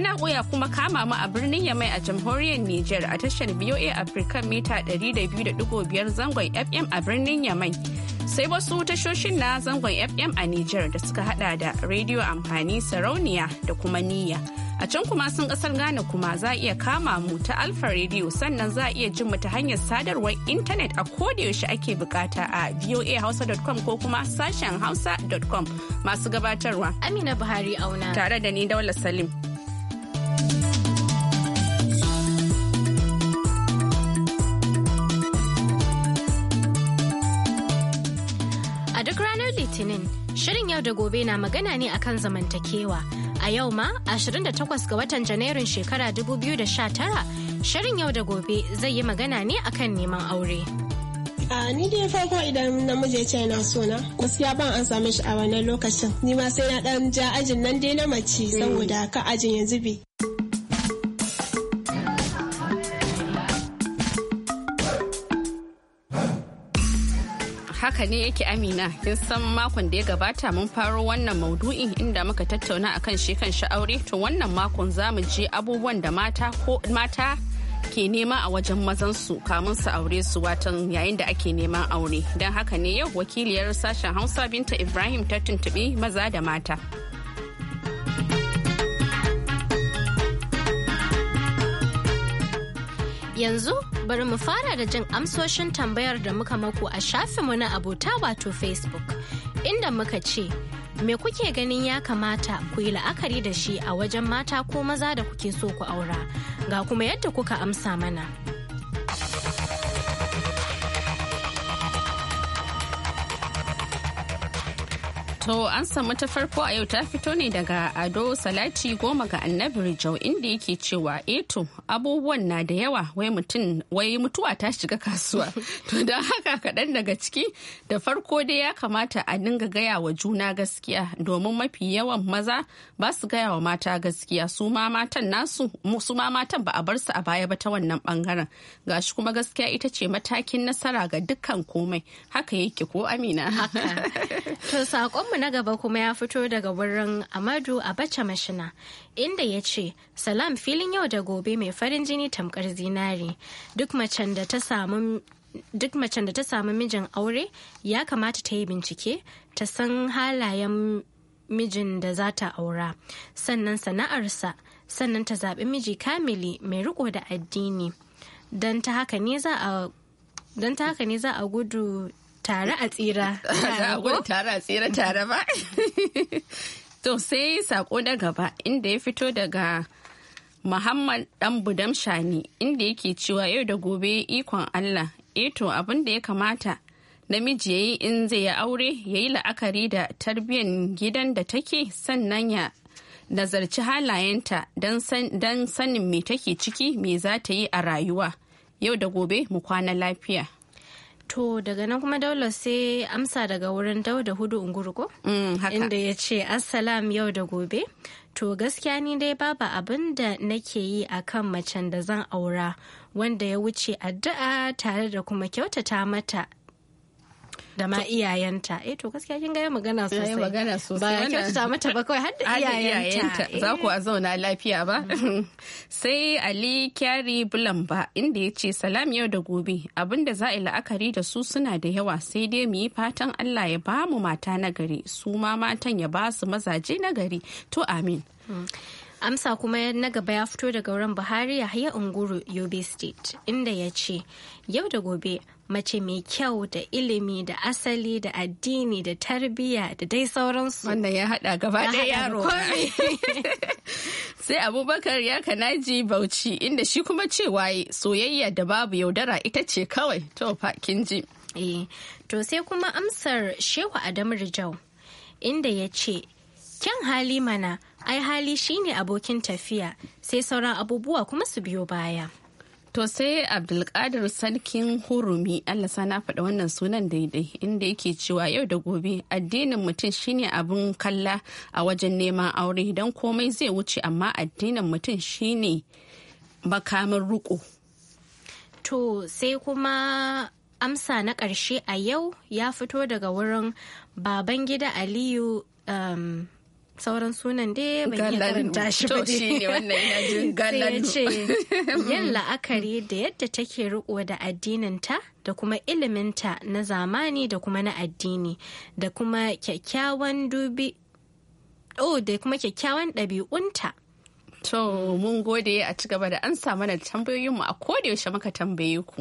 Ana waya kuma kama mu a birnin Yamai a jamhuriyar Nijar a tashar BOA Africa mita 200.5 zangon FM a birnin Yamai. Sai wasu tashoshin na zangon FM a Nijar da suka hada da Radio Amfani Sarauniya da kuma Niyya. A can kuma sun kasar Ghana kuma za iya kama mu ta Alfa Radio sannan za iya jin mu ta hanyar sadarwar intanet a yaushe ake bukata a voahausa.com ko kuma sashen hausa.com masu gabatarwa. Amina Buhari auna. Tare da ni Daula Salim. yau da gobe na magana ne akan zamantakewa. A yau ma 28 ga watan Janairun shekara 2019 shirin yau da gobe zai yi magana ne akan neman aure. A ni dai farko idan namiji ya ce yana sona gaskiya ban an same shi a wannan lokacin ni ma sai na dan ja ajin nan dai na mace saboda ka ajin yanzu bi haka ne yake amina kin san makon da ya gabata mun faro wannan maudu'in inda muka tattauna akan shi kan sha'aure to wannan makon za mu je abubuwan da mata ko mata ke nema a wajen mazan su kamun su aure su watan yayin da ake neman aure don haka ne yau wakiliyar sashen hausa binta ibrahim ta tuntuɓi maza da mata yanzu bari mu fara da jin amsoshin tambayar da muka mako a shafinmu na abota wato Facebook, inda muka ce, Me kuke ganin ya kamata ku yi la'akari da shi a wajen mata ko maza da kuke so ku aura, ga kuma yadda kuka amsa mana. To an samu ta farko a yau ta fito ne daga Ado Salati goma ga Annabi Rijau inda yake cewa eto eh abubuwan na da yawa wai mutum mutuwa ta shiga kasuwa. To don haka kaɗan daga ciki da farko dai ya kamata a dinga gaya wa juna gaskiya domin mafi yawan maza ba su gaya wa mata gaskiya su ma matan ba a bar su a baya ba ta wannan bangaren. Gashi kuma gaskiya ita ce matakin nasara ga dukkan komai haka yake ko Amina. mu na gaba kuma ya fito daga wurin Amadu Abacha Mashina, inda ya ce, Salam filin yau da gobe mai farin jini tamkar zinari, duk macen da ta samu Duk macen da ta samu mijin aure ya kamata ta yi bincike ta san halayen mijin da za ta aura, sannan sana'arsa, sannan ta zaɓi miji kamili mai riko da addini. Don ta haka ne za a gudu tare a tsira. Tare a tsira tare ba. To sai sako na gaba inda ya fito daga Muhammad dan Budam Shani inda yake cewa yau da gobe ikon Allah eto eh abin da ya kamata namiji yayi in zai ya aure ya yi la'akari da tarbiyyar gidan da take sannan ya nazarci halayenta don sanin me take ciki me za ta yi a rayuwa yau da gobe mu kwana lafiya. To daga nan kuma daula sai amsa daga wurin dauda hudu unguru mm, Inda ya ce Assalam yau da gobe. To gaskiya ni dai babu abin da nake yi a kan macen da zan aura wanda ya wuce addu'a tare da kuma kyautata mata da ma iyayenta eh to gaskiya kin ga magana sosai magana sosai ba kyautata mata ba kawai har da iyayenta za ku a eh. zauna lafiya ba mm. sai Ali Kyari Bulamba inda yace salam yau da gobe abinda za a yi la'akari da su suna da yawa sai dai mu yi fatan Allah ya ba mu mata na gari su ma matan ya ba su mazaje na gari to amin mm. amsa kuma na gaba ya fito daga wurin buhari yahaya unguru yobe state inda ya ce yau da gobe mace mai kyau da ilimi da asali da addini da tarbiyya da dai sauransu. Wannan ya haɗa gaba ɗaya yaro. Sai Abubakar ya kanaji Bauchi inda shi kuma cewa soyayya da babu yaudara ita ce kawai to fa kin ji. Eh, to sai kuma amsar Shehu Adamu Rijau inda ya ce, Kyan hali mana, ai hali shine abokin tafiya, sai sauran abubuwa kuma su biyo baya. To sai Abdulkadir Sarkin Hurumi Allah sana faɗa wannan sunan daidai inda yake cewa yau da gobe addinin mutum shine abin kalla a wajen neman aure don komai zai wuce amma addinin mutum shine makamin ruko. To sai kuma amsa na ƙarshe a yau ya fito daga wurin baban gida Aliyu um, sauran sunan dai ban iya karanta shi ba ne wannan ce yin la'akari da yadda take riko da addininta da kuma iliminta na zamani da kuma na addini da kuma kyakkyawan dubi oh da kuma kyakkyawan ɗabi'unta to mun gode a ci gaba da an mana tambayoyinmu a yaushe muka tambaye ku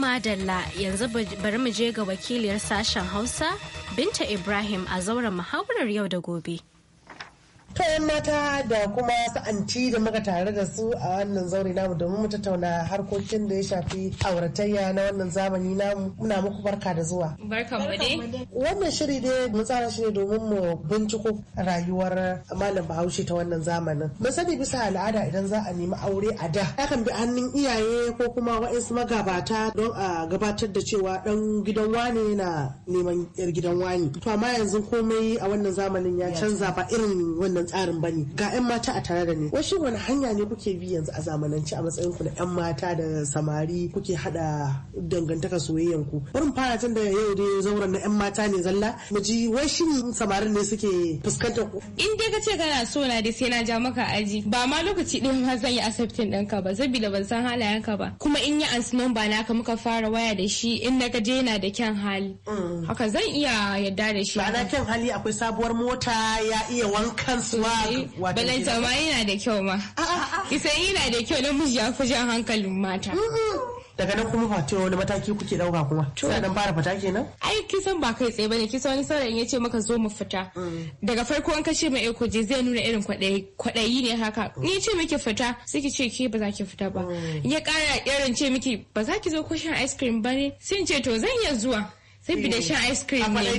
madalla yanzu bari mu je ga wakiliyar sashen Hausa Binta Ibrahim a zauren muhawarar yau da gobe. ta mata da kuma sa'anci da muka tare da su a wannan zaure namu domin mu tattauna harkokin da ya shafi auratayya na wannan zamani namu muna muku barka da zuwa wannan shiri ne mun tsara shi ne domin mu binciko rayuwar malam bahaushe ta wannan zamanin mun sani bisa al'ada idan za a nemi aure a da yakan bi hannun iyaye ko kuma wa'insu magabata don a gabatar da cewa dan gidan wane yana neman yar gidan wani to amma yanzu komai a wannan zamanin ya canza ba irin wannan wannan tsarin ba ne ga 'yan mata a tare da ni wasu wani hanya ne kuke bi yanzu a zamanance a matsayin ku na 'yan mata da samari kuke hada dangantaka soyayyan ku bari mu fara tun da yau dai zauren na 'yan mata ne zalla mu ji wai samarin ne suke fuskantar ku in dai ka ce kana so na da sai na ja maka aji ba ma lokaci ɗin ma zan yi accepting ka ba da ban san halayen ka ba kuma in yi ans number naka muka fara waya da shi in na gaje yana da kyan hali mm. haka zan iya yadda da shi ba na kyan hali akwai sabuwar mota ya iya wankan sosai balanta ma yana da kyau ma kisan yana da kyau namiji ya fi jan hankalin mata daga nan kuma fata wani mataki kuke dauka kuma sai fara fita kenan ai kisan ba kai tsaye bane kisan wani saurayin ya ce maka zo mu fita mm. daga farko an kashe mai eko eh, je zai nuna irin kwadayi ne haka mm. ni ce miki fita sai ce ke ba za ki fita ba mm. ya kara irin ce miki ba za ki zo ko shan ice cream bane sai ce to zan iya zuwa Eh. da shan ice cream ne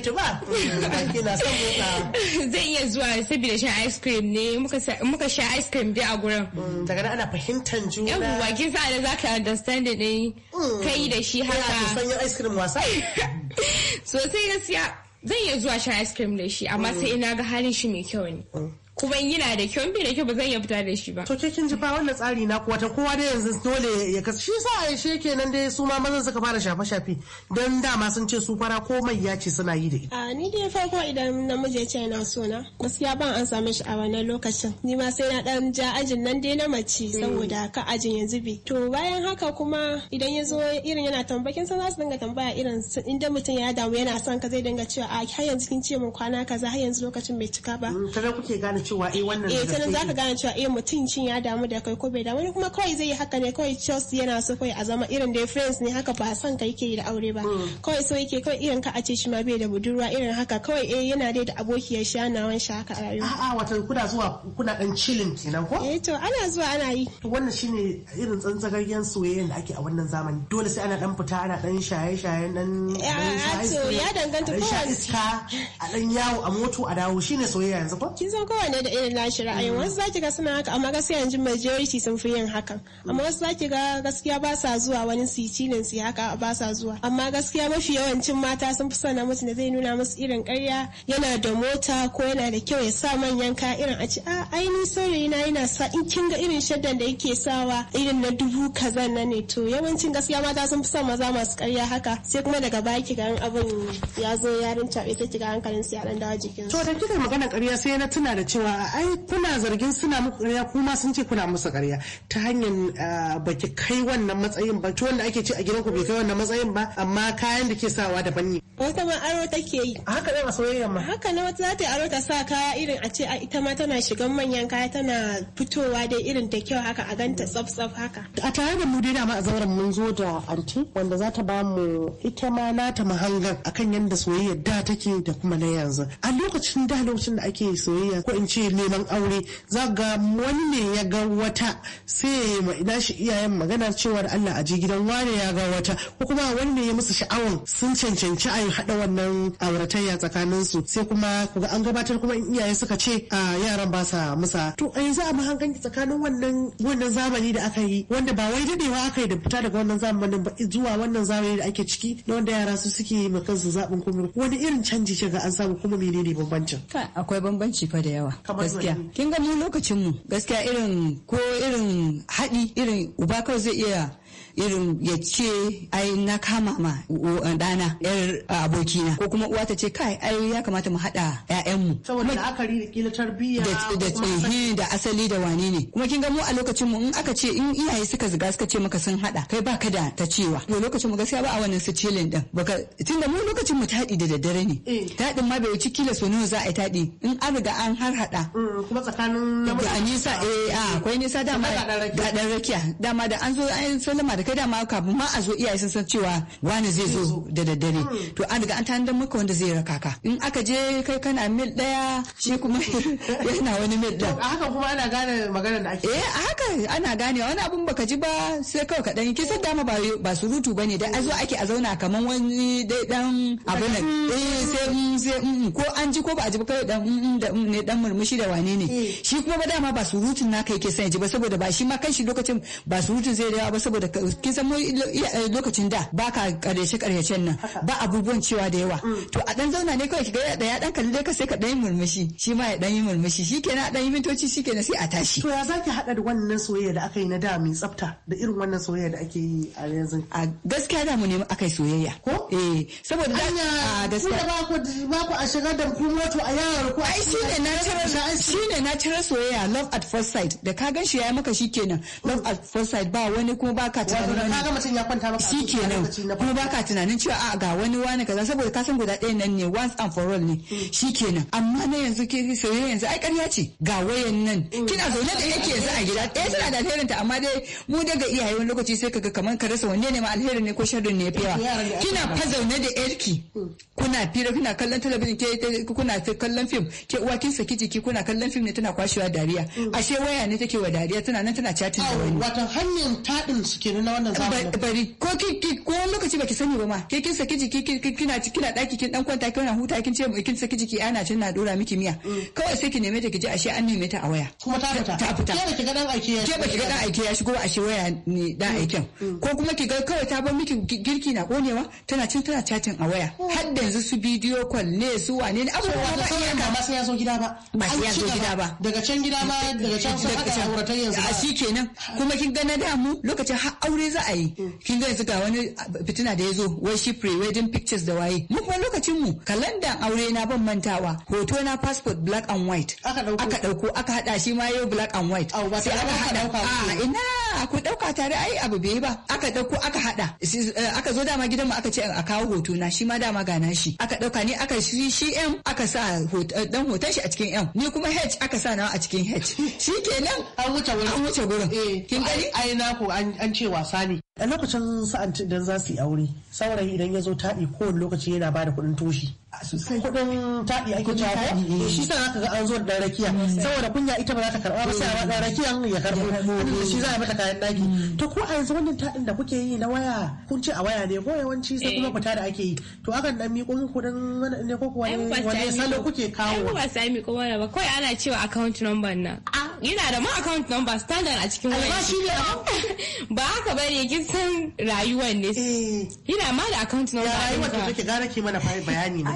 zai iya zuwa da shan ice cream ne muka sha ice cream dai a gurin mm, daga ana fahimtar juna yawwa kin sa da ka understand ne mm. kai da shi haka san sanyin ice cream wasa sai gaskiya zan iya zuwa shan ice cream da shi amma mm. sai ina ga halin shi mai kyau ne kuma yana da kyau bai da kyau ba zan iya fita da shi ba to ke kin ji fa wannan tsari na kuwa ta kowa da yanzu dole ya kasu shi sa a she kenan dai su ma mazan suka fara shafe shafe don dama sun ce su fara mai ya ce suna yi da ita a ni dai farko idan namiji ya ce yana so na gaskiya ban an same shi a wannan lokacin ni ma sai na dan ja ajin nan dai na mace saboda mm. ka ajin ya zube to bayan haka kuma idan ya zo irin yana tambakin sa za su dinga tambaya irin inda mutum ya damu yana son ka zai dinga cewa a har yanzu kin ce mun kwana kaza har yanzu lokacin bai cika ba mm, kuke gane cewa eh wannan eh za ka gane cewa eh cin ya damu da kai ko bai damu wani kuma kawai zai yi haka ne kawai just yana so kai a zama irin dai friends ne haka ba san kai ke da aure ba mm. kawai so yake kawai irin ka a ce shi ma bai da budurwa irin haka kawai eh yana dai da abokiyar shi ana wan shi haka a rayuwa a'a watan kuna zuwa kuna dan chilling kenan ko eh to ana zuwa ana yi wannan shine irin tsantsagaryen soyayyen da ake a wannan zamani dole sai ana dan fita ana dan shaye shaye dan ya danganta ko iska a dan yawo a moto a dawo shine soyayya yanzu ko kin san kowa kowane da irin nashi ra'ayin wasu zaki ga suna haka amma gaskiya yanzu majority sun fi yin hakan amma wasu zaki ga gaskiya ba sa zuwa wani su cilin su haka ba sa zuwa amma gaskiya mafi yawancin mata sun fi son namiji da zai nuna musu irin karya yana da mota ko yana da kyau ya sa manyan ka irin a ci a ah, ai ni na yana sa in kin ga irin shaddan da yake sawa irin na dubu kaza na ne to yawancin gaskiya mata sun fi son maza masu karya haka sai kuma daga baya ki ga abin ya zo yarin ta sai ki ga hankalin su ya dan dawo jikin to da kika magana karya sai na tuna da cewa cewa ai kuna zargin suna muku ƙarya kuma sun ce kuna musu ƙarya ta hanyar baki kai wannan matsayin ba to wanda ake ci a gidan ku bai kai wannan matsayin ba amma kayan da ke sawa daban ne wata ma aro take yi haka ne a soyayya ma haka ne wata za ta aro ta sa kaya irin a ce ita ma tana shigan manyan kaya tana fitowa dai irin ta kyau haka a ganta tsaf tsaf haka a tare da mu dai da ma a zauren mun zo da anti wanda za ta ba mu ita ma nata mahangan akan yanda soyayya da take da kuma na yanzu a lokacin da lokacin da ake soyayya ko in ce neman aure za ga wani ne ya ga wata sai ya ina shi iyayen magana cewar Allah a je gidan wane ya ga wata ko kuma wani ne ya musu sha'awan sun cancanci a haɗa wannan auratayya tsakanin su sai kuma kuga an gabatar kuma in iyaye suka ce a yaran ba sa musa to a yanzu a mahanganci tsakanin wannan wannan zamani da aka yi wanda ba wai dadewa aka yi da fita daga wannan zamanin ba zuwa wannan zamani da ake ciki na wanda yara su suke yi kansu zaɓin kuma wani irin canji ce ga an samu kuma menene bambancin akwai bambanci fa da yawa gaskiya kin ga mu lokacin mu gaskiya irin ko irin haɗi irin uba kawai zai iya irin ya ce ai na kama ma ɗana yar abokina ko kuma uwa ta ce kai ai ya kamata mu haɗa ƴaƴanmu. saboda la'akari da kila tarbiyya da tsohi da asali da wane ne kuma kin ga mu a lokacin mu in aka ce in iyaye suka zuga suka ce maka sun haɗa kai baka da ta cewa to lokacin mu gaskiya ba a wannan su cilin din baka tunda mu lokacin mu taɗi da daddare ne eh. taɗin ma bai wuci kila so nawa za a yi taɗi in an riga an har haɗa mm, kuma tsakanin namiji. da nisa eh a akwai nisa dama Da dan rakiya dama da an zo an sallama da kai dama ka ma a zo iyaye sun san cewa wani zai zo da daddare hmm. to an riga an tanadar maka wanda zai raka ka in aka je kai kana mil daya shi kuma yana wani mil da haka kuma ana gane magana da ake eh haka ana gane wani abun baka ji ba sai kawai ka dan kisan dama ba ba surutu bane da azo ake a zauna kaman wani dai dan ne hmm. eh sai sai ko an ji ko ba a ji ba kai dan ne dan murmushi da wane ne hmm. shi kuma ba dama ba surutun naka yake ke ya ji ba saboda ba shi ma kanshi lokacin ba surutun zai dawo ba saboda kin san eh, lokacin da baka karyace karyacen nan ba abubuwan cewa da yawa mm. to a dan zauna ne kawai kiga da ya dan kalle ka sai ka dan yi murmushi shi ma ya dan yi murmushi shikenan a dan yi mintoci shikenan sai a tashi to ya zaki hada da wannan soyayya da aka yi na da mai tsafta da irin wannan soyayya da ake yi a yanzu a gaskiya da mu ne aka yi soyayya ko eh saboda da a gaskiya ba ku ba ku a shiga da ku moto a yawar ku ai shine ne shine natural soyayya love at first sight da ka gan shi ya maka shikenan love at first sight ba wani kuma ba ka ta kaga mutum ya kwanta maka shi kenan kuma baka tunanin cewa a ga wani wani kaza saboda kasan guda ɗaya nan ne once and for all ne mm. shi kenan amma na yanzu ke soyayya yanzu ai ƙarya ce ga wayan nan mm. kina zaune da yake yanzu a gida ɗaya eh, tana da alherin ta amma dai mu daga iyaye wani lokaci sai kaga kamar ka rasa wanne ne ma alherin ne ko sharrin ne yafi yawa kina fa zaune da yarki mm. kuna fira kuna kallon talabijin ke kuna kallon fim ke uwa kin saki jiki kuna kallon fim ne tana kwashewa dariya ashe waya ne take wa dariya tana nan tana chatting da wani watan hanyar tadin su kenan na wannan zamanin bari ko ki ko lokaci baki sani ba ma ke kin saki jiki kina kina daki kin dan kwanta kina huta kin ce kin saki jiki ana cin na dora miki miya mm. kawai sai ki neme ta ki ashe an neme ta a waya kuma ta fita ta fita ke baki ga dan aiki ya ke baki ga dan aiki ya shigo ashe waya ne da mm. aikin mm. ko kuma ki ga kawai ta bar miki girki na konewa tana cin tana chatting a waya har da yanzu su bidiyo call ne su wane ne abubuwa ba iya ka ba sai ya zo gida ba ba sai ya zo gida ba daga can gida ma daga can sai aka auratan yanzu a shikenan kuma kin ga na damu lokacin har aure aure za a yi mm. kin ga yanzu ga wani fitina da ya zo wai shi pre wedding pictures da waye mu kuma lokacin mu kalandan aure na ban mantawa hoto na passport black and white aka dauko aka hada shi ma yau black and white sai aka hada ina ku dauka tare ai abu bai ba aka dauko aka hada eh, aka zo dama gidan mu aka ce a kawo hoto na shi ma dama gana shi aka dauka ne aka shi shi M aka sa dan eh, hoton shi a cikin M ni kuma H aka sa nawa a cikin H kenan an wuce wurin an wuce wurin eh, kin gani ai na ku an ce wasa ne a lokacin sa'an idan za su yi aure saurayi idan ya zo taɗi kowane lokaci yana ba da kuɗin toshi kudin taɗi ake cewa eh. shi sa zaka ga an zo da rakiya mm. saboda kunya ita ba za ta karɓa ba sai a ba rakiyan ya karɓo shi za a mata kayan ɗaki mm. to ko a yanzu wannan taɗin da kuke yi na waya kun ce a waya ne ko yawanci sai kuma eh. fita da ake yi to akan dan miƙo min kudin ne ko kuwa wani salo kuke kawo Ai ba sai miƙo mana ba kawai ana cewa account number na yana da ma account number standard a cikin wani ba haka bane kin san rayuwar ne eh. yana ma da account number rayuwar da kake gara ke mana bayani na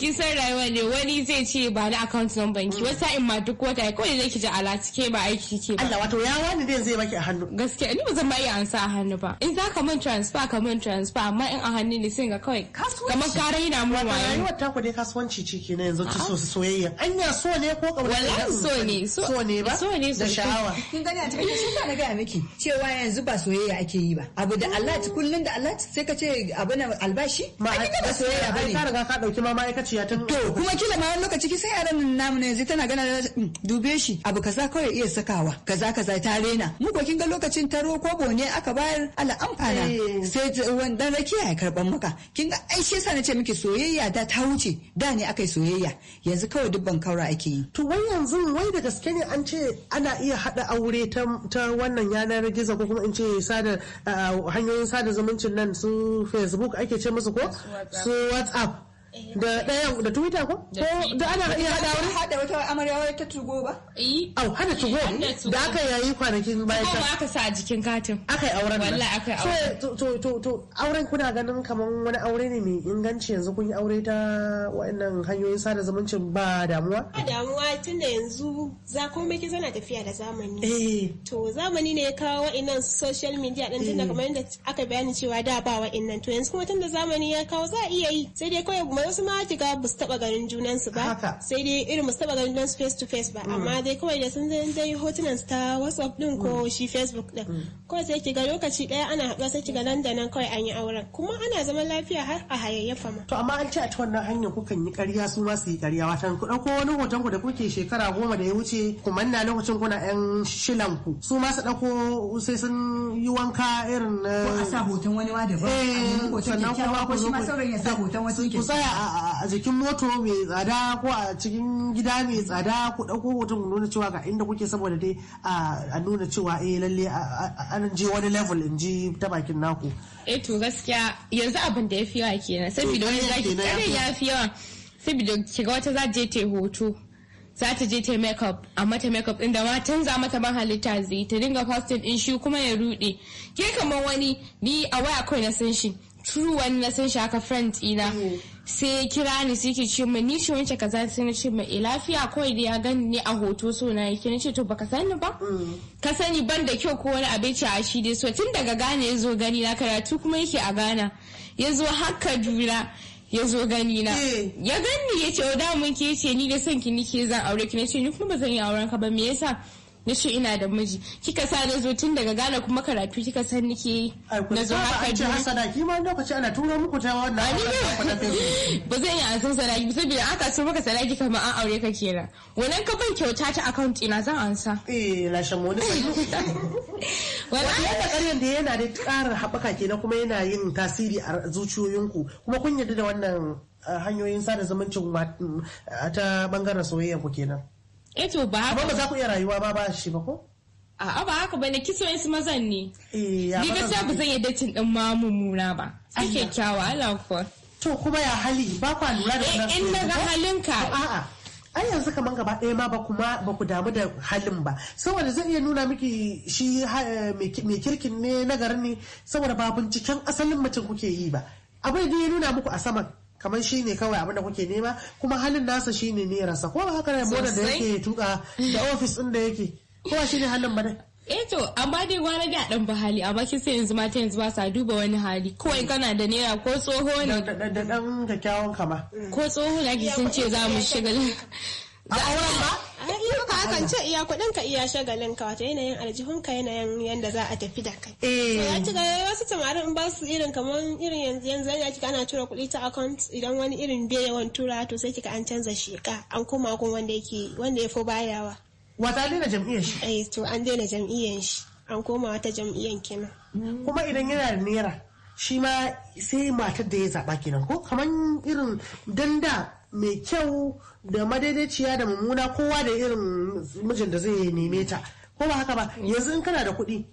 kin san rayuwa ne wani zai ce ba na account number banki wasu mm. in ma duk wata kawai zai ki ji ala cike ba aiki ke Allah wato ya wani dai zai baki a hannu gaskiya ni ba zan ma iya ansa a hannu ba in za ka mun transfer ka mun transfer amma in a hannu ne sai ga kawai kamar ka raina mu ma rayuwar ta ku dai kasuwanci ke kenan yanzu ci so soyayya anya so ne ko kauna wallahi so ne so ne ba so ne da sha'awa kin gani a cikin shi ka ga miki cewa yanzu ba soyayya ake yi ba abu da Allah kullun da Allah sai ka ce abu na albashi ba soyayya bane ka riga ka dauki ma ma'aikaci matsiyaciya ta to kuma kila ma wani lokaci ki sai yaran namu ne yanzu tana gana mm, dube shi abu kaza kawai iya sakawa kaza kaza ta rena mu ko kin ga lokacin taro kobo ne aka bayar ala amfana eh. sai dan rakiya ya karban maka kin ga ai shi yasa nace miki soyayya da ta wuce da ne akai soyayya yanzu kawai dubban kaura ake yi to wai yanzu wai da gaske ne an ce ana iya hada aure ta wannan yanar gizo ko kuma in ce sada ah, hanyoyin sada zumuncin nan su facebook ake ce musu ko su whatsapp Eh, da daya da twitter ko ko da ana iya hada wani hada wata amarya wai ta tugo ba eh au hada tugo da aka yayi kwanakin bayan ta aka sa jikin katin aka yi auren wallahi aka yi auren to to to to auren kuna ganin kaman wani aure ne mai inganci yanzu kun yi aure ta wayannan hanyoyin sada zumunci ba damuwa ba damuwa tunda yanzu za komai ki zana tafiya da zamani eh to zamani ne ya kawo wayannan social media din tunda eh. kamar yadda aka bayani cewa da ba wayannan to yanzu kuma tunda zamani ya kawo za a iya yi sai dai kawai ba su ma kiga ba su taba ganin junansu ba sai dai irin ba su taba ganin junansu face to face ba amma dai kawai da sun zai dai hotunan su ta whatsapp din ko mm. shi facebook din mm. kawai sai kiga lokaci daya ana haɗuwa sai kiga nan da nan kawai an yi auren kuma ana zaman lafiya har a hayayyafa fama to amma an ce a ta wannan hanyar kan yi ƙarya su ma su yi ƙarya watan ku ɗauko wani hoton ku da kuke shekara goma da ya wuce ku manna lokacin kuna yan shilan ku su ma su ɗauko sai sun yi wanka irin. ko a sa hoton wani ma daban. eh sannan kuma ku sa hoton ku a jikin moto mai tsada ko a cikin gida mai tsada ku ɗauko hoton ku nuna cewa ga inda kuke saboda dai a nuna cewa eh lalle an je wani level in ji ta bakin naku. Eh to gaskiya yanzu abin da ya fi yawa kenan sabida wani zaki kare ya fi yawa sabida kiga wata za je ta hoto za ta je ta makeup a mata makeup din da ma za mata ban halitta zai ta dinga costume din shi kuma ya rude ke kamar wani ni a waya kawai na san shi true wani na san shi haka friend ina mm. sai ya kira ni sai ke ce ni ce wancan kaza sai na ce mai eh, lafiya kawai da ya gani ne a hoto so na yake na ce to baka sani ba mm. ka sani ban da kyau ko wani abinci a shi dai so tun daga Ghana ya zo gani na karatu kuma yake a gana ya zo haka ya zo gani na eh. ya gani ya ce o da mun ke ce ni da son ki nike zan aure ki na ni kuma ba zan yi auren ka ba me yasa na ce ina da miji kika sa na zo tun daga Ghana kuma karatu kika san nike na zo haka ji hasada ki ma lokaci ana tura muku ta wannan ba zan yi ansan sadaki ba saboda aka so maka sadaki kamar an aure ka kenan wannan ka ban kyauta ta account ina zan ansa eh lashe mu ne wallahi da ƙaryan da yana da ƙarar haɓaka kenan kuma yana yin tasiri a zuciyoyinku kuma kun yarda da wannan eh, hanyoyin sada zumuncin mm, ta bangaren soyayya ku kenan eh to ba haka ba za ku iya rayuwa ba ba shi ba ko a'a ba haka bane kisoyin su mazan ne eh ya ba ba zan yi datin din ma mummuna ba sai kyakkyawa Allah ko to kuma ya hali ba ku lura da eh, wannan in na ga halinka a'a ai yanzu kaman gaba ɗaya ma ba kuma ba ku damu da halin ba saboda zai iya nuna miki shi eh, mai kirkin ne na garin ne saboda ba binciken asalin mutum kuke yi ba abin da ya nuna muku a saman kamar shi ne kawai abin da kuke nema kuma halin nasa shi ne nerasa ko ba haka ne modan da yake tuka da ofis din da yake ko shi ne halin ba eh to amma dai gwara da dan ba hali amma kin sai yanzu mata yanzu ba sa duba wani hali in kana da naira ko tsoho ne da dan kyakkyawan kama ko tsoho ne kin ce za mu shiga a auren ba ka akan ce iya kuɗin ka iya shagalin ka wato yanayin aljihun ka yanayin yanda za a tafi da kai eh. ya ci ga wasu samarin in ba su irin kaman irin yanzu yanzu ya kika ana tura kuɗi ta account idan wani irin bai yawan tura to sai kika an canza sheka an koma kun wanda yake wanda ya fi bayawa wata daina jam'iyyar shi eh to an daina jam'iyyar shi an koma wata jam'iyyar kenan kuma idan yana da naira shi ma sai matar da ya zaba kenan ko kaman irin danda mai kyau da madaidaiciya da mummuna kowa da irin mijin da zai neme ta ko ba haka ba yanzu in kana da kuɗi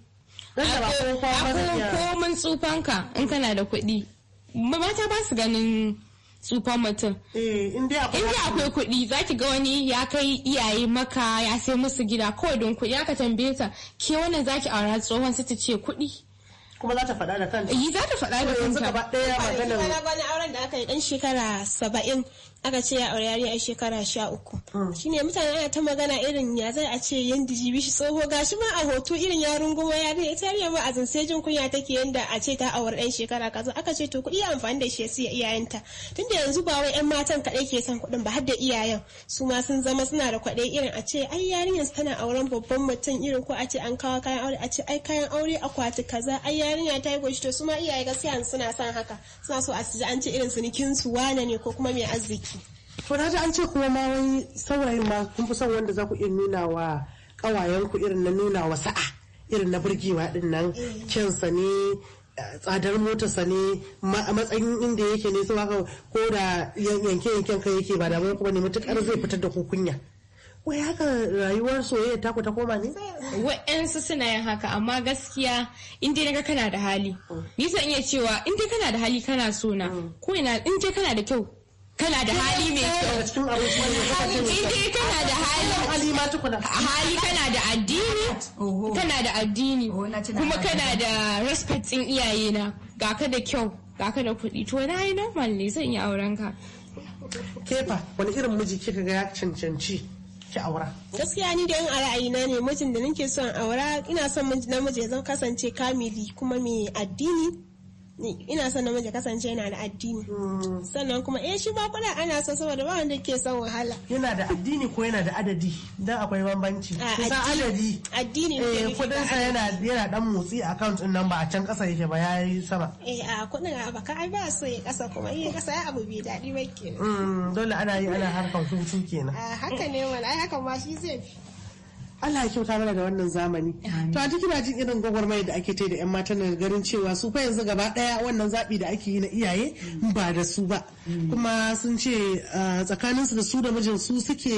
dan da ba ko kwa ko mun tsufanka in kana da kuɗi mata ba su ganin tsufan mutum eh, in dai akwai kuɗi za ki ga wani ya kai iyaye maka ya sai musu gida kawai don kuɗi aka tambaye ta ke wannan za ki aura tsohon su ta ce kuɗi kuma za ta faɗa da kanta. Yi eh, za ta faɗa da kanta. Yanzu gaba ɗaya maganar. Kwana auren da aka yi ɗan shekara saba'in aka ce ya aure yarinya a shekara sha uku. Mm. Shine mutane ana ta magana irin ya zai a ce yadda dijibi shi tsoho gashi ma a hoto irin ya rungumo yarinya ita yarinya ma a zance jin kunya take yanda a ce ta aure ɗan shekara kaza aka ce to kuɗi amfani da shi ya siya iyayenta tunda yanzu ba wai yan matan kaɗai ke son kuɗin ba har da iyayen su ma sun zama suna da kwaɗayi irin a ce ai yarinyar tana auren babban mutum irin ko a ce an kawo kayan aure a ce ai kayan aure akwati kaza ai yarinya ta yi gwaji to su ma iyaye gaskiya suna son haka suna so a ci an ce irin sinikin su wane ne ko kuma mai arziki. To na ji an ce kuma ma wani saurayin ma kun fi son wanda za ku iya nuna wa ƙawayen ku irin na nuna wa sa'a irin na burgewa din nan kyansa ne tsadar motarsa ne matsayin inda yake ne sai ko da yanke yanken kai yake ba da mun kuma ne mutukar zai fitar da ku kunya. Wai haka rayuwar soyayya ku ta koma ne? Wa'yansu suna yin haka amma gaskiya in dai naga kana da hali. Ni zan iya cewa in dai kana da hali kana so na mm. ko ina in dai kana da kyau kana da hali mai kyau kana da hali hali kana da addini kana da addini kuma kana da respect din iyaye na ga ka da kyau ga ka da kuɗi to na yi normal ne zan yi auren ka kefa wani irin miji kika ga ya cancanci ki aura gaskiya ni da yin ra'ayina ne mijin da nake son aura ina son namiji ya zan kasance kamili kuma mai addini ina son namiji kasance yana da addini hmm. sannan kuma eh shi ba kuɗa ana so saboda ba wanda ke son wahala yana da addini ko yana da adadi dan akwai bambanci kusan adadi addini ne eh, kuɗin sa yana yana dan motsi account din nan ba a can ƙasa yake ba yayi sama eh a kuɗin a baka ai ba so ya ƙasa kuma iya ƙasa ya abu bai daɗi ba kenan hmm, dole ana yi ana harkar tutu kenan haka ne wala ai haka ma shi zai fi Allah ya kyauta mana da wannan zamani. To a duk jin irin gwagwarmaya da ake ta da 'yan matan nan garin cewa su fa yanzu gaba daya wannan zaɓi da ake yi na iyaye ba da su ba. Mm. Kuma sun ce tsakaninsu da su da mijin su suke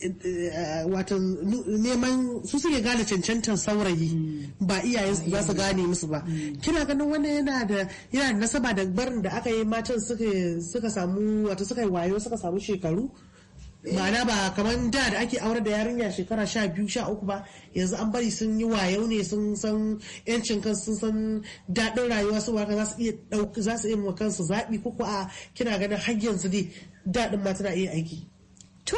eh, eh, wato neman su suke gane cancantar saurayi mm. ba iyayen su su gane musu ba mm. kina ganin wannan yana da yana nasaba da barin da aka yi matan suka samu wato suka yi wayo suka samu shekaru ma'ana ba kamar da da ake aure da yarinya shekara sha biyu sha uku ba yanzu an bari sun yi wayo ne sun san yancin kan sun san daɗin rayuwa su waka za su iya ɗauki za su iya kansu zaɓi ko a kina ganin har yanzu dai daɗin ma tana iya aiki. To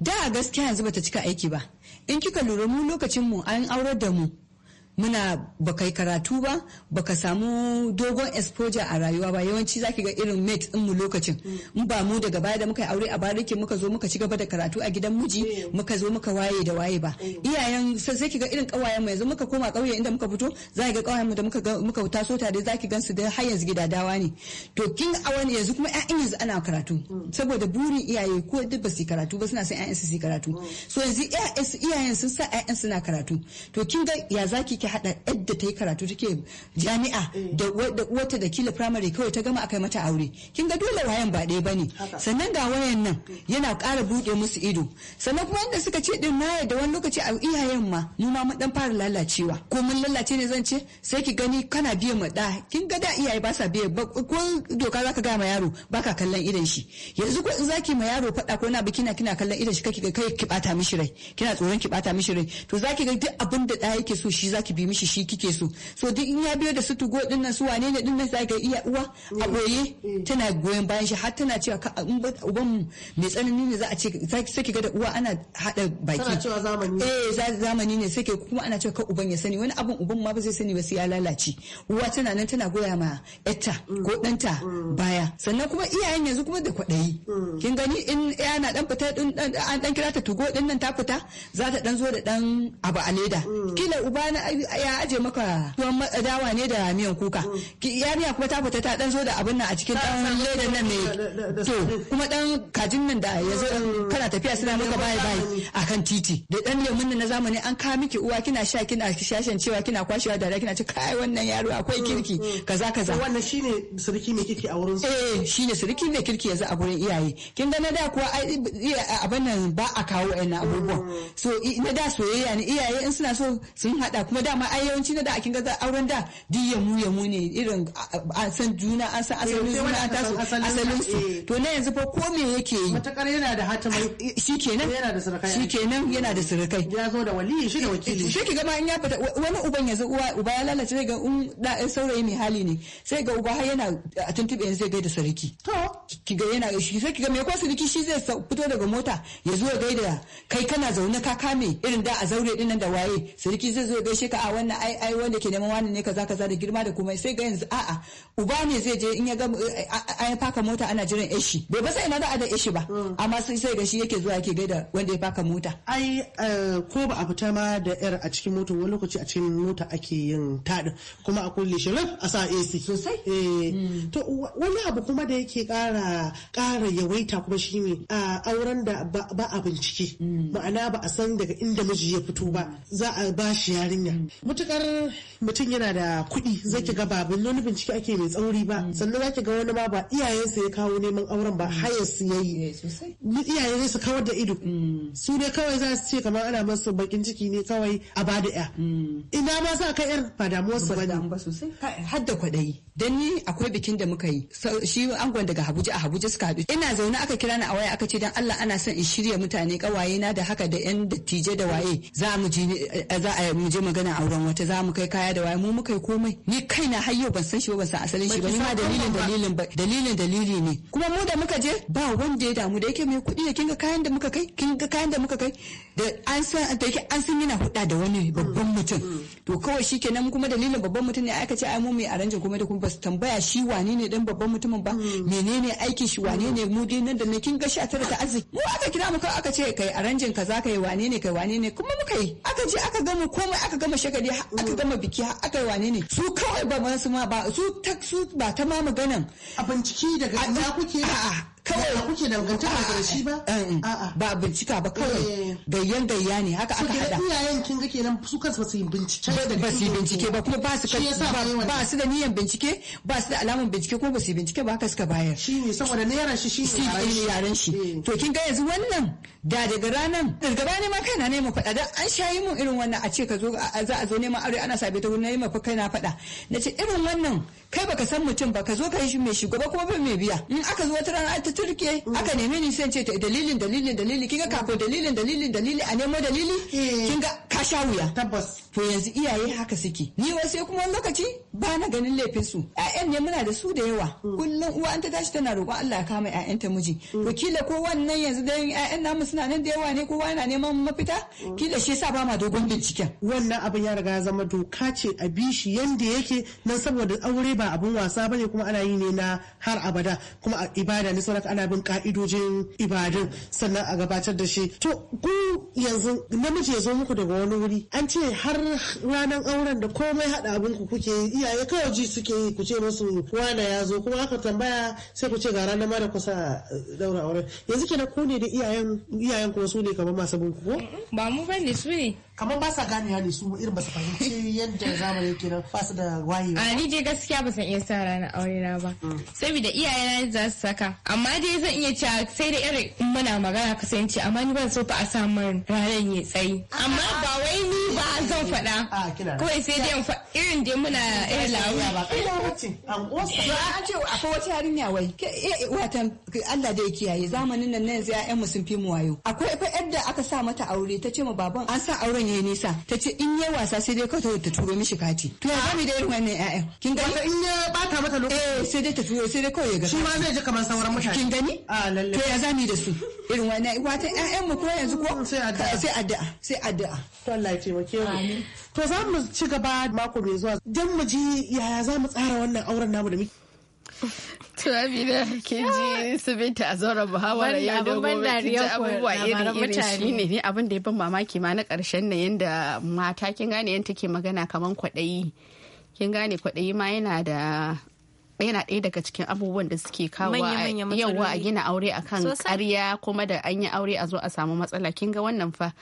da gaskiya yanzu bata cika aiki ba in kika lura mu lokacin mu an aure da mu muna baka yi karatu ba baka samu dogon exposure a rayuwa ba yawanci zaki ga irin mate din mu lokacin in ba mu daga baya da muka yi aure a bariki muka zo muka ci gaba da karatu a gidan miji mm. muka zo muka waye da waye ba mm. iyayen sai sai ga irin kawayen mu yanzu muka koma kauye inda muka fito za ga kawayen mu da muka muka taso tare zaki gansu da har yanzu gidadawa ne to kin a wani yanzu kuma ƴaƴan yanzu ana karatu mm. saboda burin iyaye ko duk ba su karatu ba suna son ƴaƴan su su karatu so yanzu iyayen sun sa ƴaƴan suna karatu to kin ga ya zaki ki haɗa yadda ta yi karatu take jami'a eh. da wata da kila primary kawai ta gama akai mata aure kin ga dole wayan ba ɗaya bane sannan ga wayan nan mm. yana kara buɗe musu ido sannan kuma inda suka ce din na da wani lokaci a iyayen ma mu ma mun dan fara lalacewa ko mun lalace ne zan ce sai ki gani kana biye ma da kin ga da iyaye ba sa biye ko doka zaka ga ma yaro baka kallon idan shi yanzu ko in zaki ma yaro faɗa ko na biki kina kallon idan shi kake kai ki bata mishi rai kina tsoron ki bata mishi rai to zaki ga duk abin da da yake so shi zaki ki bi mishi shi kike so so duk in ya biyo da su tugo din nan su wane ne din nan zaka iya uwa a boye mm. mm. tana goyon bayan shi har tana cewa ka in uban mai tsanani ne za a ce sai ki ga da uwa ana hada baki tana cewa zamani eh zamani ne sai kuma ana cewa ka uban ya sani wani abun uban ma ba zai sani ba sai ya lalace uwa tana nan tana goya ma yarta mm. ko danta baya sannan kuma iyayen yanzu kuma da kwaɗayi kin gani in na dan fita din an dan kira ta tugo din nan ta fita za ta dan zo da dan abu a leda kila uba na ya aje maka tuwon dawa ne da miyan kuka mm. yariya kuma ta fita ta dan zo da abin nan a cikin dan ledan nan mai to kuma dan kajin nan da ya zo mm. kana tafiya suna maka bayi bayi akan titi da dan lemun nan na zamani an ka miki uwa kina sha kina shashen cewa kina kwashewa da kina ce kai wannan yaro akwai mm, kirki kaza kaza wannan shine sirki mai kirki a wurin su eh shine sirki mai kirki yanzu a gurin iyaye kin ga na da kuwa abin nan ba a kawo ina abubuwan so na da soyayya ne iyaye in suna so sun hada kuma da dama ai yawanci na da akin ga auren da duk yamu yamu ne irin a san juna an san asalin eh, juna an taso asalin su eh. to na yanzu fa ko me yake yi matakar yana da hatimai eh, shikenan yana da surakai shikenan yana da surakai ya zo da wali shi da wakili shi ki gama in ya fita wani uban yanzu uwa uba ya lalace zai ga un da saurayi mai hali ne sai ga uba har yana a tuntube yanzu zai gaida sarki to ki ga yana shi sai ki ga me ko sarki shi zai fito daga mota ya zo ya gaida kai kana zaune ka kame irin da a zaure dinnan da waye sarki zai zo ya gaishe ka a wannan ai ai wanda ke neman wani ne kaza kaza da girma da komai sai ga yanzu a'a uba ne zai je in ya ga ai faka mota ana jiran eshi bai ba sai na za da eshi ba mm. amma sai sai ga shi yake zuwa yake gaida wanda ya faka mota ai eh, ko ba a fita ma da yar a cikin mota wani lokaci a cikin mota ake yin tadin kuma a kulle shi a sa AC sosai eh, mm. to wani abu kuma da yake kara kara yawaita kuma shine a auren da ba a bincike mm. ma'ana ba a san daga inda miji ya fito ba za a ba shi yarinya mutukar mutum yana da kuɗi zai ki ga ba wani bincike ake mai tsauri ba mm. sannan zaki ga wani ma ba iyayensa ya kawo neman auren ba mm. hayar su eh, ni iyaye ne su kawar da ido mm. su ne kawai za su ce kamar ana masu bakin ciki ne kawai a bada ya ina ma za ka yar ba damuwar su bane har da kwaɗayi dan ni akwai bikin da muka yi shi angon daga Abuja a Abuja suka haɗu ina zaune aka kira ni a waya aka ce dan Allah ana son in shirya mutane kawaye na da haka da yan dattijai da waye za mu je eh, za a mu je magana auren wata za mu kai kaya da waye mu muka yi komai ni kaina har yau ban san shi ba ban san asalin shi ba ni ma dalilin dalilin ba dalilin dalili ne kuma mu da muka je ba wanda ya damu da yake mai kuɗi ne kinga kayan da muka kai kinga kayan da muka kai da an san da yake an san yana huɗa da wani babban mutum mm. to kawai shikenan kuma dalilin babban mutum ne aka ce ai mu mai aranje kuma da kuma tambaya shi wane ne dan babban mutumin ba hmm. menene aikin shi wane ne hmm. mu dai nan da ne kin ga a tare ta arziki mu aka kira mu kai aka ce kai aranjin kaza kai wane ne kai wane ne kuma muka yi aka je aka gama komai aka gama shagadi aka hmm. gama biki aka yi wane ne su kawai ba ma su ma ba su ta su ba ta ma maganan a binciki daga ina kuke kawai ba kuke dangantaka da shi ba eh, eh, ba bincika ba kawai eh. gayyan gayya ne haka aka hada iyayen kin ga kenan su kansu ba su yi bincike ba su bincike ba kuma ba su ba su da niyan bincike ba su da alamun bincike kuma ba su bincike ba haka suka bayar shi ne saboda ne yaran shi shi ne yaran shi to kin ga yanzu wannan da daga ranar. daga baya ne ma kana ne mu faɗa dan an yi mun irin wannan a ce ka zo za a zo neman aure ana sabe ta wurin ma fa na faɗa na ce irin wannan kai baka san mutum ba ka zo ka yi shi mai shugaba kuma ba mai biya in aka zo wata rana ta turke mm. aka neme ni sai ce dalilin dalilin dalili kinga kafin dalilin dalilin dalili a nemo dalili eh. kinga ka sha wuya tabbas to yanzu iyaye haka suke ni wasu sai kuma wani lokaci ba na ganin laifin su ƴaƴan ne muna da su da yawa mm. kullum uwa an ta tashi tana roƙon Allah ya kama ta miji mm. to kila ko wannan yanzu da ƴaƴan namu suna nan da yawa ne kowa yana neman mafita kila shi yasa ba ma dogon binciken wannan abin ya riga ya zama doka ce a bishi yanda yake nan saboda aure ba abun wasa bane kuma ana yi ne na har abada kuma ibada ne saboda ana bin ka'idojin ibadun sannan a gabatar da shi to ku yanzu namiji ya zo muku daga wani wuri an ce har ranar auren da komai hada abin ku kuke iyaye kawai ji suke yi ku ce musu wana ya zo kuma aka tambaya sai ku ce ga ranar mara kusa daura auren yanzu kenan ku ne da iyayen iyayen ku su ne kamar masu bin ku ba mu bane su ne kamar ba sa ganewa ne su irin ba su fahimci yadda zamani yake nan ba su da wayewa a ni dai gaskiya ba san iya sa ranar aure na ba mm. saboda iyayena za su saka amma dai zan iya cewa sai da irin muna magana kasance. amma ni ban so fa a sa min ranar ya tsayi amma ah. ba wai ni ba zan faɗa ah, kawai sai dai in irin dai muna irin lawuya ba an kosa ba an ce akwai wata yarinya wai eh, watan Allah da ya kiyaye zamanin nan na yanzu ƴaƴan mu sun fi mu wayo akwai fa da aka sa mata aure ta ce ma baban an sa auren ne nisa ta ce in yi wasa sai dai kawai ta turo mishi kati to ya zama da irin wannan ƴaƴan kin gani in ya bata mata lokaci eh sai dai ta turo sai dai kawai ya ga shi ma zai ji kamar sauran mutane kin gani a ah, lalle to ya zama da su irin wannan wata ƴaƴan mu ko yanzu ko mm, sai addu'a sai addu'a sai addu'a to Allah ya taimake mu to za mu ci gaba mako mai zuwa dan mu ji yaya za mu tsara wannan auren namu da muke To Amina ke ji su binta a zauren ya yau da gobe ta abubuwa irin irin shi ne ne abin da ya ban mamaki ma na karshen na yadda mata kin gane yan ke magana kaman kwaɗayi kin gane kwaɗayi ma yana da yana ɗaya daga cikin abubuwan da suke kawo yawa a gina aure akan ƙarya kuma da an yi aure a zo a samu matsala kin ga wannan fa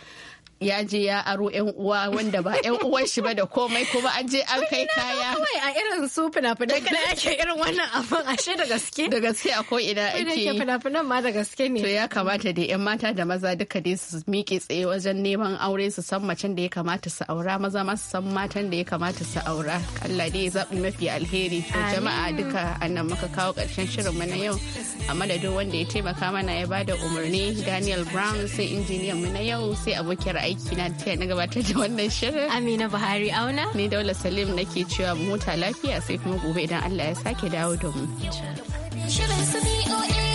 ya je ya aro yan uwa wanda ba yan uwan shi ba da komai kuma an je an kai kaya kawai a irin su fina-finan kada ake irin wannan abin ashe da gaske da gaske a ko ina ake fina-finan ma da gaske ne to ya kamata da yan mata da maza duka dai su miƙe tsaye wajen neman aure su san macen da ya kamata su aura maza ma su san matan da ya kamata su aura Allah dai ya zabi mafi alheri to jama'a duka annan muka kawo ƙarshen shirin mu na yau a madadin wanda ya taimaka mana ya bada umarni Daniel Brown sai injiniyan mu na yau sai abokin aiki na taya na gabatar da wannan shirin. Amina Buhari auna. Ni Daula Salim nake cewa mu huta lafiya sai kuma gobe idan Allah ya sake dawo da mu. Shirin su BOA